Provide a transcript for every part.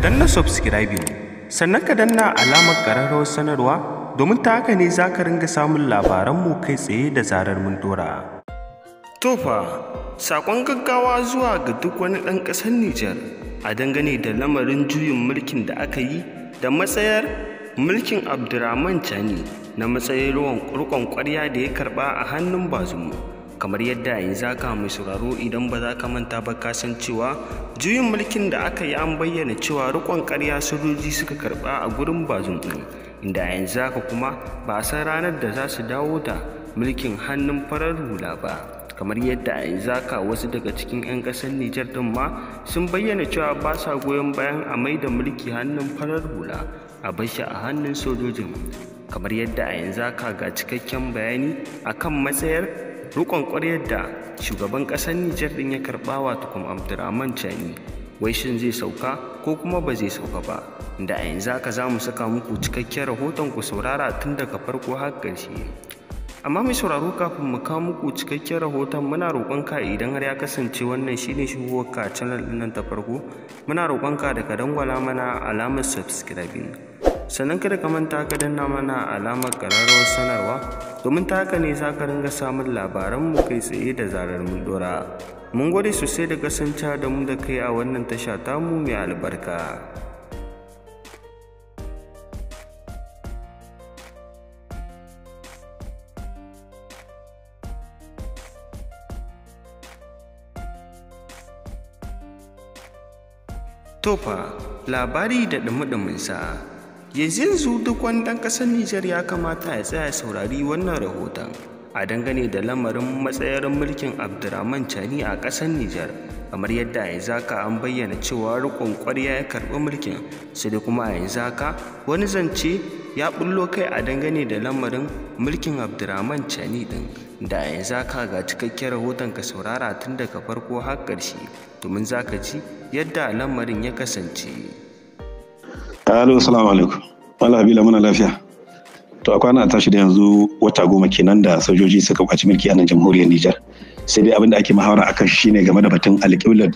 danna subscribing sannan ka danna alamar ƙararrawar sanarwa domin ta haka ne za ka ringa samun labaranmu kai tsaye da zarar mun dora. Tofa, saƙon gaggawa zuwa ga duk wani ɗan ƙasar Nijar a dangane da lamarin juyin mulkin da aka yi da matsayar mulkin Abdurrahman Chani na matsayin ruwan ƙwarya da ya karɓa a hannun bazumu. kamar yadda za ka mai sauraro idan ba za ka manta ba ka san cewa juyin mulkin da aka yi an bayyana cewa rikon karya sojoji suka karba a gurin bazum ɗin inda yanzu haka kuma ba a san ranar da za su dawo da mulkin hannun farar hula ba kamar yadda a yanzu wasu daga cikin 'yan ƙasar nijar ɗin ma sun bayyana cewa ba sa goyon bayan a mai da mulki hannun farar hula a bashi a hannun sojojin kamar yadda a yanzu ka ga cikakken bayani akan matsayar rukon kwaryar da shugaban ƙasar Nijar ɗin ya karɓa wa tukum Abdurrahman Chani wai shin zai sauka ko kuma ba zai sauka ba da a yanzu aka za mu saka muku cikakken rahoton ku saurara tun daga farko har ƙarshe amma mai sauraro kafin mu kawo muku cikakken rahoton muna roƙon idan har ya kasance wannan shine shigowar ka channel ɗin nan ta farko muna roƙon ka dangwala mana alamar subscribing sannan kada ka manta ka danna mana alamar ƙararrawar sanarwa domin ta haka ne za ka ringa samun mu kai tsaye da zarar mun dora mun gwada sosai da kasance da mu da kai a wannan tasha mu mai albarka Tofa labari da ɗumi-ɗuminsa yanzu yanzu duk wani ɗan ƙasar Nijar ya kamata ya tsaya saurari wannan rahoton a dangane da lamarin matsayar mulkin Abdurrahman Chani a ƙasar Nijar kamar yadda yanzu haka an bayyana cewa riƙon ƙwarya ya karɓi mulkin sai da kuma yanzu haka wani zance ya bullo kai a dangane da lamarin mulkin Abdurrahman Chani ɗin, da a yanzu haka ga cikakken rahoton ka saurara tun daga farko har ƙarshe domin zaka ji yadda lamarin ya kasance. Alo, salamu alaikum. Wala bila muna lafiya. To a kwana tashi da yanzu wata goma kenan da sojoji suka kwaci mulki a nan jamhuriyar Nijar. Sai dai abin da ake muhawara akan shi ne game da batun alƙiblar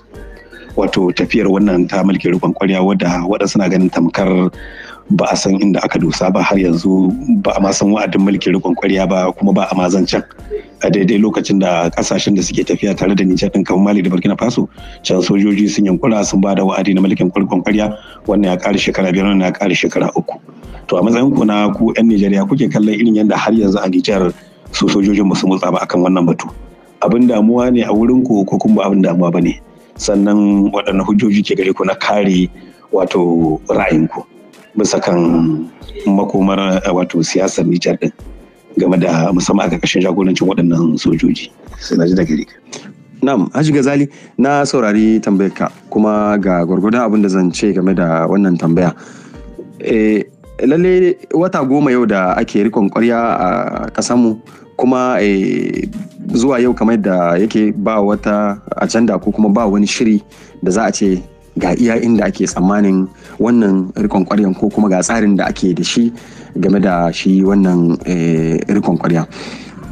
wato tafiyar wannan ta mulki rikon kwarya wadda waɗansu suna ganin tamkar ba a san inda aka dosa ba har yanzu ba a ma san wa'adin mulkin rikon kwarya ba kuma ba a ma can a daidai lokacin da kasashen da suke tafiya tare da Nijar din kamar Mali da Burkina Faso can sojoji sun yankura sun ba da wa'adi na mulkin rikon kwarya wannan ya kare shekara biyar wannan ya ƙara shekara uku to a matsayin ku na ku 'yan Nijeriya kuke kallon irin yadda har yanzu a Nijar su sojojin ba su motsa ba akan wannan batu abin damuwa ne a wurin ku ko kuma abin damuwa ba ne sannan waɗanne hujjoji ke gare ku na kare wato ra'ayin ku bisa kan makomar eh, wato siyasar Nijar din game da musamman a ƙarƙashin jagorancin waɗannan sojoji. Sai na ji daga rika. Haji Gazali, na saurari tambayarka kuma ga gwargwadon abin da zan ce game da wannan tambaya. E, lalle wata goma yau da ake rikon kwarya a ƙasanmu kuma eh, zuwa yau kamar da yake ba wata ajanda ko kuma ba wani shiri da za a ce ga iya inda ake tsammanin wannan rikon kwaryan ko kuma ga tsarin da ake da shi game da shi wannan eh, rikon kwarya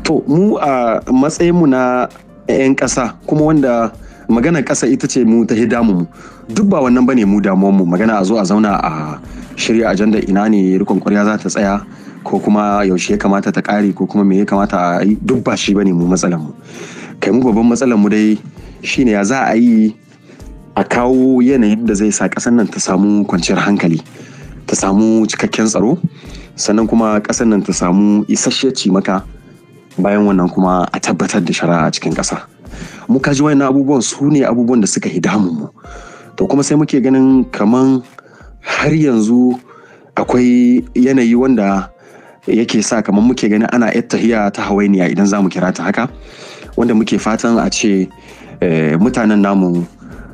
to mu a matsayinmu na 'yan ƙasa kuma wanda magana ƙasa ita ce mu ta hidamu mu duk ba wannan bane mu damuwanmu magana a zo a zauna a shirya ajanda ina ne rikon kwarya za ta tsaya ko kuma yaushe ya kamata ta kare ko kuma me ya kamata a yi duk ba shi bane mu matsalan mu kai mu babban matsalan mu dai shine ya za a yi a kawo yanayin da zai sa ƙasar nan ta samu kwanciyar hankali ta samu cikakken tsaro sannan kuma ƙasar nan ta samu isasshiyar cimaka bayan wannan kuma a tabbatar da shari'a a cikin ƙasa mu ka ji wayannan abubuwan su ne abubuwan da suka hidamu mu to kuma sai muke ganin kaman har yanzu akwai yanayi wanda yake sa kamar muke ganin ana yar tahiya ta hawainiya idan za mu kira ta haka wanda muke fatan a ce eh, mutanen namu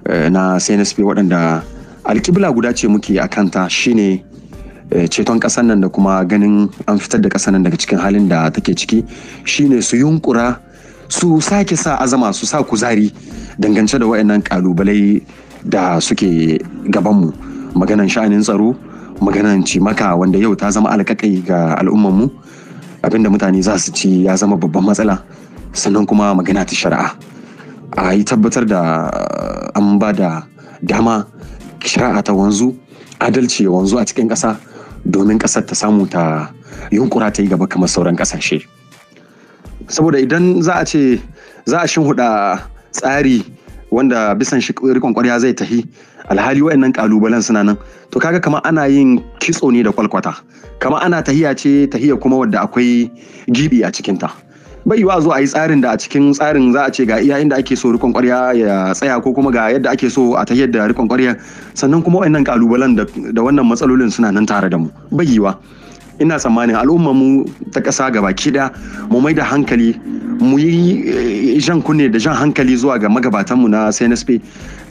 Eh, na CNSP waɗanda alkibla guda ce muke a kanta shine eh, ceton ƙasar nan da kuma ganin an fitar da ƙasar nan daga cikin halin da take ciki shine su yunkura su sake sa azama su sa kuzari dangance da waɗannan ƙalubalai da suke gabanmu maganan sha'anin tsaro maganan cimaka wanda yau ta zama alƙaƙai ga al'ummanmu abinda mutane za su ci ya zama babban matsala sannan kuma magana ta shari'a a yi tabbatar da eh, an ba da dama shari'a ta wanzu adalci ya wanzu a cikin ƙasa domin ƙasar ta samu ta yunkura ta yi gaba kamar sauran ƙasashe saboda idan za a ce za a shinhuda tsari wanda bisan shi rikon kwarya zai tahi alhali wayannan kalubalen suna nan to kaga kama ana yin kitso ne da kwalkwata kama ana tahiya ce tahiya kuma wadda akwai gibi a cikinta bai yiwa zo a yi tsarin da a cikin tsarin za a ce ga iya da ake so rikon kwarya ya tsaya ko kuma ga yadda ake so a tahiyar da rikon kwarya sannan kuma wayannan kalubalen da wannan matsalolin suna nan tare da mu bai yiwa ina tsammanin al'ummar mu ta ƙasa gaba kida mu mai da hankali mu yi eh, jan kunne da jan hankali zuwa ga magabatanmu na CNSP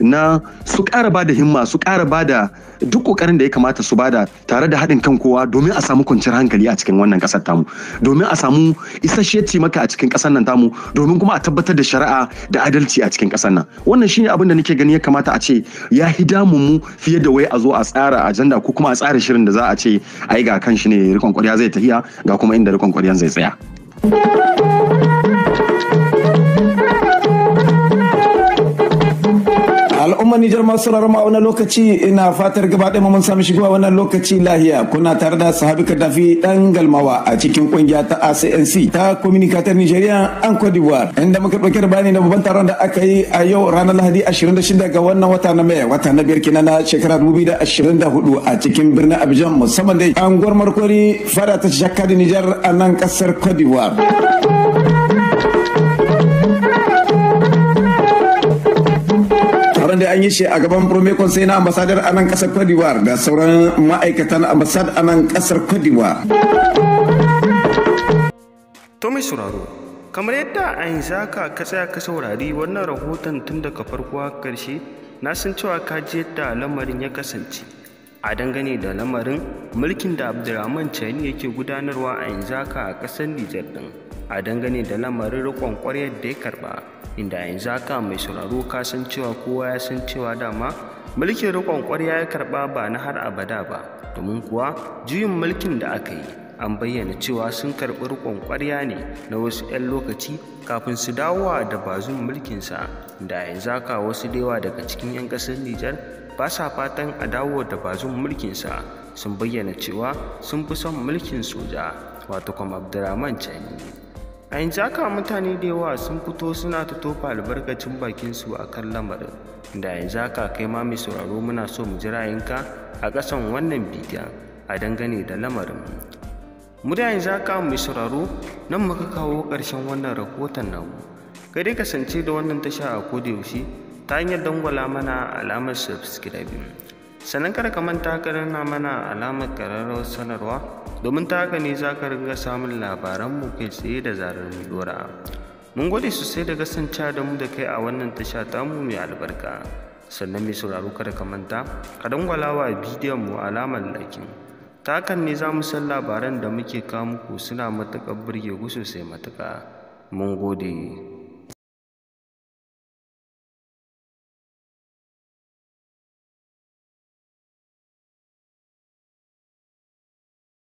na su ƙara ba da himma su ƙara ba da duk ƙoƙarin da ya kamata su bada tare da haɗin kan kowa domin a samu kwanciyar hankali a cikin wannan ƙasar tamu domin a samu isasshiyar cimaka a cikin ƙasar nan tamu domin kuma a tabbatar da shari'a da adalci a cikin ƙasar nan wannan shine abin da nake gani ya kamata a ce ya hi damu mu fiye da wai a zo a tsara ajanda ko kuma a tsara shirin da za a ce ai ga kan shi ne rikon ƙwarya zai tafiya ga kuma inda rikon ƙwaryan zai tsaya. al'umma Nijar masu sauraron a wannan lokaci ina fatar gaba ɗaya mun sami shigowa wannan lokaci lahiya kuna tare da sahabi Kaddafi dan galmawa a cikin kungiya ta ACNC ta communicator Nigeria an Cote d'Ivoire inda muka ɗauki da bayani na babban taron da aka yi a yau ranar Lahadi 26 ga wannan wata na Mai wata na biyar kenan na shekarar 2024 a cikin birnin Abidjan musamman dai gwarmar kwari fara ta Jakadi Nijar a nan kasar Cote d'Ivoire. wannan dai an yi shi a gaban promekon conseil na ambasadar a nan kasar cote da sauran ma'aikatan ambasad a nan kasar cote d'ivoire to sauraro kamar yadda a yi haka ka tsaya ka saurari wannan rahoton tun daga farko a karshe na san cewa ka ji yadda lamarin ya kasance a dangane da lamarin mulkin da abdulrahman chani yake gudanarwa a yanzu haka a ƙasar nijar ɗin. a dangane da lamarin rikon kwaryar da ya karɓa inda yanzu haka mai sauraro ka san cewa kowa ya san cewa dama mulkin rikon kwarya ya karɓa ba na har abada ba domin kuwa juyin mulkin da aka yi an bayyana cewa sun karɓi rikon kwarya ne na wasu 'yan lokaci kafin su dawowa da bazun mulkinsa da yanzu haka wasu da daga cikin 'yan ƙasar nijar ba sa fatan a dawo da bazun mulkinsa sun bayyana cewa sun fi son mulkin soja wato kwam abdurrahman chani a yanzu mutane da yawa sun fito suna ta tofa albarkacin bakinsu a kan lamarin da yanzu haka kai ma mai sauraro muna so mu ji ra'ayinka a ƙasan wannan bidiyon a dangane da lamarin mu da yanzu haka mai sauraro nan muka kawo ƙarshen wannan rahoton namu kai dai kasance da wannan tasha a kodayaushe ta hanyar dangwala mana alamar subscribe sannan kada ka manta ka nuna mana alamar ƙararrawar sanarwa domin ta haka ne za ka ringa samun labaran mu kai tsaye da zarar mu dora mun gode sosai da kasance da mu da kai a wannan tasha ta mu mai albarka sannan mai sauraro kada ka manta ka dangwala wa bidiyon mu alamar lakin ta hakan ne za mu san labaran da muke kawo muku suna matuƙar burge ku sosai matuƙa mun gode